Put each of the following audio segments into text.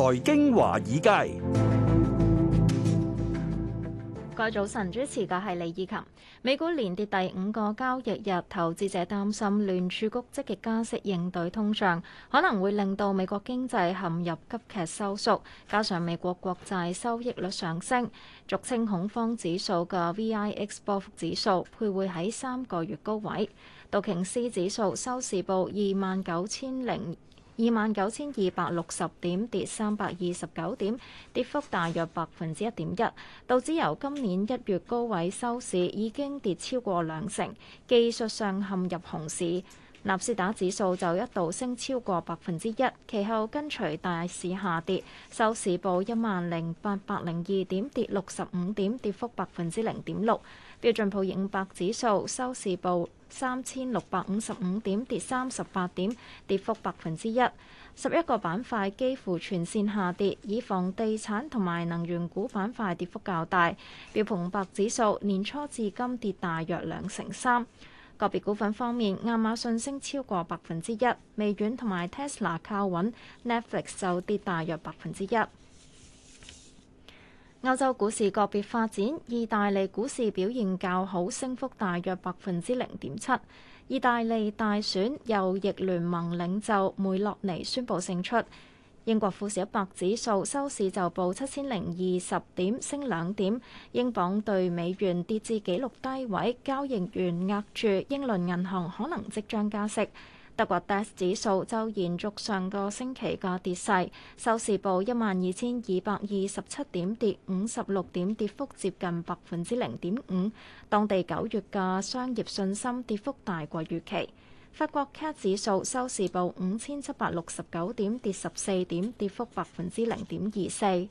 財經華爾街。今早晨主持嘅係李以琴。美股連跌第五個交易日，投資者擔心聯儲局積極加息應對通脹，可能會令到美國經濟陷入急劇收縮。加上美國國債收益率上升，俗稱恐慌指數嘅 VIX 波幅指數徘徊喺三個月高位。道瓊斯指數收市報二萬九千零。二萬九千二百六十點跌三百二十九點，跌幅大約百分之一點一，道指由今年一月高位收市已經跌超過兩成，技術上陷入熊市。納斯達指數就一度升超過百分之一，其後跟隨大市下跌，收市報一萬零八百零二點，跌六十五點，跌幅百分之零點六。標準普爾五百指數收市報。三千六百五十五點跌三十八點，跌幅百分之一。十一個板塊幾乎全線下跌，以房地產同埋能源股板塊跌幅較大。標普五百指數年初至今跌大約兩成三。個別股份方面，亞馬遜升超過百分之一，微軟同埋 Tesla 靠穩，Netflix 就跌大約百分之一。歐洲股市個別發展，意大利股市表現較好，升幅大約百分之零點七。意大利大選右翼聯盟領袖梅洛尼宣布勝出。英國富時一百指數收市就報七千零二十點，升兩點。英鎊對美元跌至紀錄低位，交易員押注英倫銀行可能即將加息。德國 DAX 指數就延續上個星期嘅跌勢，收市報一萬二千二百二十七點，跌五十六點，跌幅接近百分之零點五。當地九月嘅商業信心跌幅大過預期。法國 CAC 指數收市報五千七百六十九點，跌十四點跌，跌幅百分之零點二四。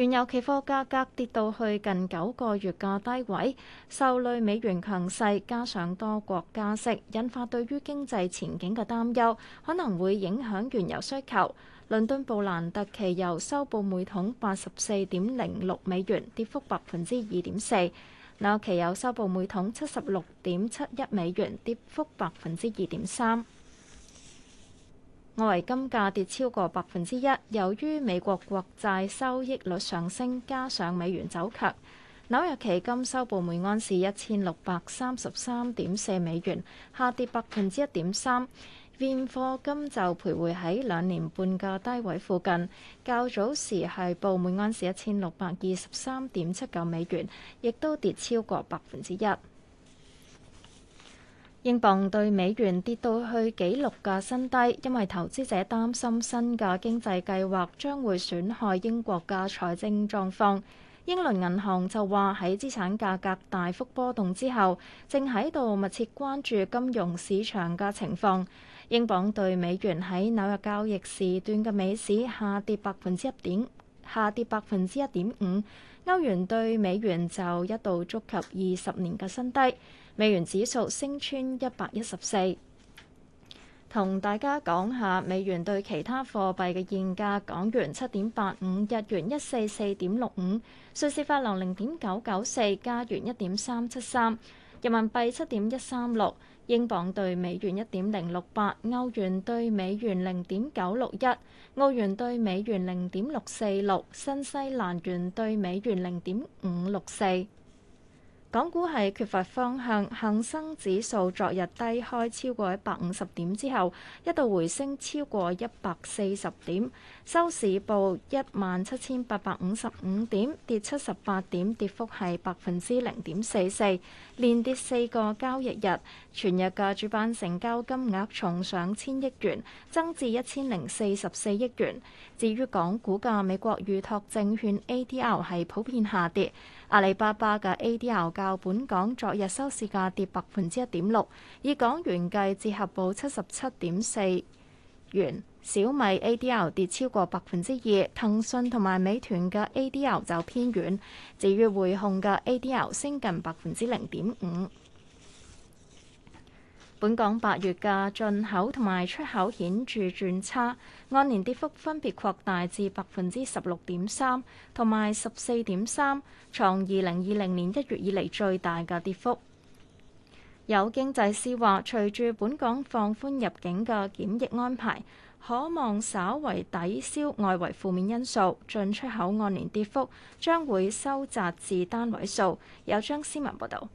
原油期貨價格跌到去近九個月嘅低位，受累美元強勢，加上多國加息，引發對於經濟前景嘅擔憂，可能會影響原油需求。倫敦布蘭特期油收報每桶八十四點零六美元，跌幅百分之二點四；紐期油收報每桶七十六點七一美元，跌幅百分之二點三。外圍金價跌超過百分之一，由於美國國債收益率上升，加上美元走強，紐約期金收報每安士一千六百三十三點四美元，下跌百分之一點三。現貨金就徘徊喺兩年半嘅低位附近，較早時係報每安士一千六百二十三點七九美元，亦都跌超過百分之一。英鎊對美元跌到去紀錄嘅新低，因為投資者擔心新嘅經濟計劃將會損害英國嘅財政狀況。英倫銀行就話喺資產價格，格大幅波動之後，正喺度密切關注金融市場嘅情況。英鎊對美元喺紐約交易時段嘅美市下跌百分之一點。下跌百分之一點五，歐元對美元就一度觸及二十年嘅新低，美元指數升穿一百一十四。同大家講下美元對其他貨幣嘅現價，港元七點八五，日元一四四點六五，瑞士法郎零點九九四，加元一點三七三。人民幣七點一三六，英鎊對美元一點零六八，歐元對美元零點九六一，澳元對美元零點六四六，新西蘭元對美元零點五六四。港股係缺乏方向，恒生指數昨日低開超過一百五十點之後，一度回升超過一百四十點，收市報一萬七千八百五十五點，跌七十八點，跌幅係百分之零點四四，連跌四個交易日。全日嘅主板成交金額重上千億元增至一千零四十四億元，至於港股嘅美國預託證券 ADR 係普遍下跌。阿里巴巴嘅 A D L 較本港昨日收市價跌百分之一點六，以港元計折合報七十七點四元。小米 A D L 跌超過百分之二，騰訊同埋美團嘅 A D L 就偏軟，至於匯控嘅 A D L 升近百分之零點五。本港八月嘅進口同埋出口顯著轉差，按年跌幅分別擴大至百分之十六點三同埋十四點三，創二零二零年一月以嚟最大嘅跌幅。有經濟師話，隨住本港放寬入境嘅檢疫安排，可望稍為抵消外圍負面因素，進出口按年跌幅將會收窄至單位數。有張思文報道。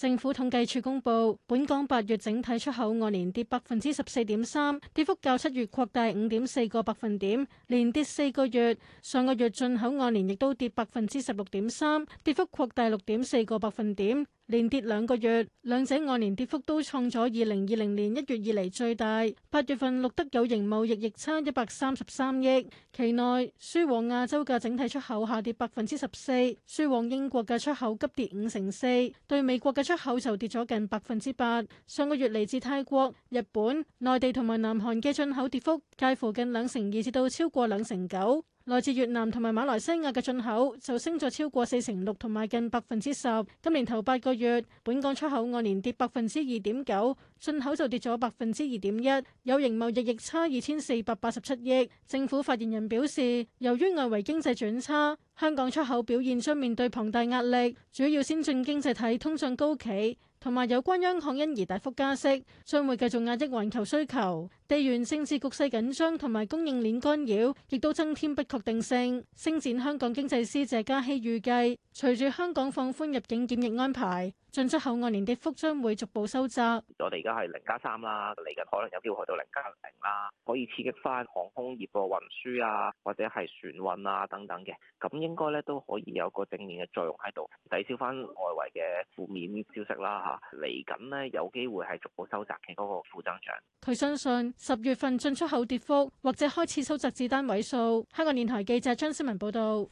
政府統計處公布，本港八月整體出口按年跌百分之十四點三，跌幅較七月擴大五點四個百分點，連跌四個月。上個月進口按年亦都跌百分之十六點三，跌幅擴大六點四個百分點。連跌兩個月，兩者按年跌幅都創咗二零二零年一月以嚟最大。八月份錄得有形貿易逆差一百三十三億，期內輸往亞洲嘅整體出口下跌百分之十四，輸往英國嘅出口急跌五成四，對美國嘅出口就跌咗近百分之八。上個月嚟自泰國、日本、內地同埋南韓嘅進口跌幅介乎近兩成二至到超過兩成九。來自越南同埋馬來西亞嘅進口就升咗超過四成六同埋近百分之十。今年頭八個月，本港出口按年跌百分之二點九，進口就跌咗百分之二點一，有形貿易逆差二千四百八十七億。政府發言人表示，由於外圍經濟轉差，香港出口表現將面對龐大壓力，主要先進經濟體通脹高企。同埋有關央行因而大幅加息，將會繼續壓抑環球需求。地緣政治局勢緊張同埋供應鏈干擾，亦都增添不確定性。星展香港經濟師謝嘉熙預計，隨住香港放寬入境檢疫安排，進出口按年跌幅將會逐步收窄，我哋而家係零加三啦，嚟緊可能有機會去到零加零啦，可以刺激翻航空業個運輸啊，或者係船運啊等等嘅，咁應該咧都可以有個正面嘅作用喺度，抵消翻外圍嘅負面消息啦嚇。嚟緊呢，有機會係逐步收窄嘅嗰個負增長。佢相信十月份進出口跌幅或者開始收窄至單位數。香港電台記者張思文報道。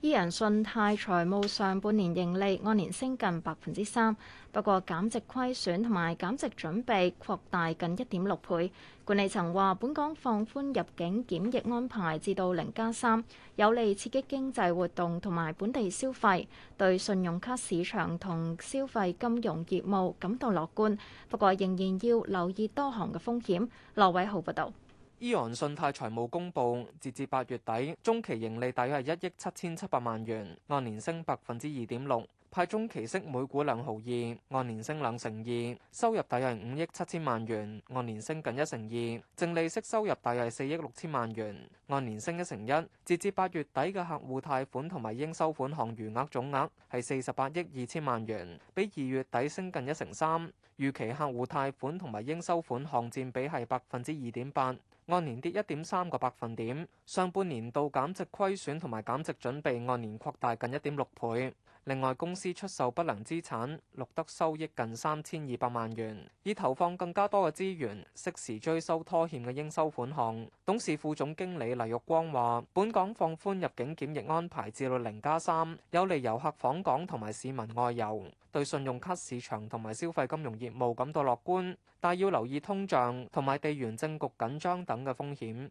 依人信泰財務上半年盈利按年升近百分之三，不過減值虧損同埋減值準備擴大近一點六倍。管理層話：本港放寬入境檢疫安排至到零加三，3, 有利刺激經濟活動同埋本地消費，對信用卡市場同消費金融業務感到樂觀。不過仍然要留意多項嘅風險。羅偉豪報道。依昂、e、信泰財務公布，截至八月底，中期盈利大約係一億七千七百萬元，按年升百分之二點六，派中期息每股兩毫二，按年升兩成二，收入大約係五億七千萬元，按年升近一成二，淨利息收入大約係四億六千萬元，按年升一成一。截至八月底嘅客戶貸款同埋應收款項餘額總額係四十八億二千萬元，比二月底升近一成三。預期客戶貸款同埋應收款項佔比係百分之二點八，按年跌一點三個百分點。上半年度減值虧損同埋減值準備按年擴大近一點六倍。另外，公司出售不良資產，錄得收益近三千二百萬元，以投放更加多嘅資源，適時追收拖欠嘅應收款項。董事副總經理黎玉光話，本港放寬入境檢疫安排至到零加三，有利遊客訪港同埋市民外遊，對信用卡市場同埋消費金融業務感到樂觀，但要留意通脹同埋地緣政局緊張等嘅風險。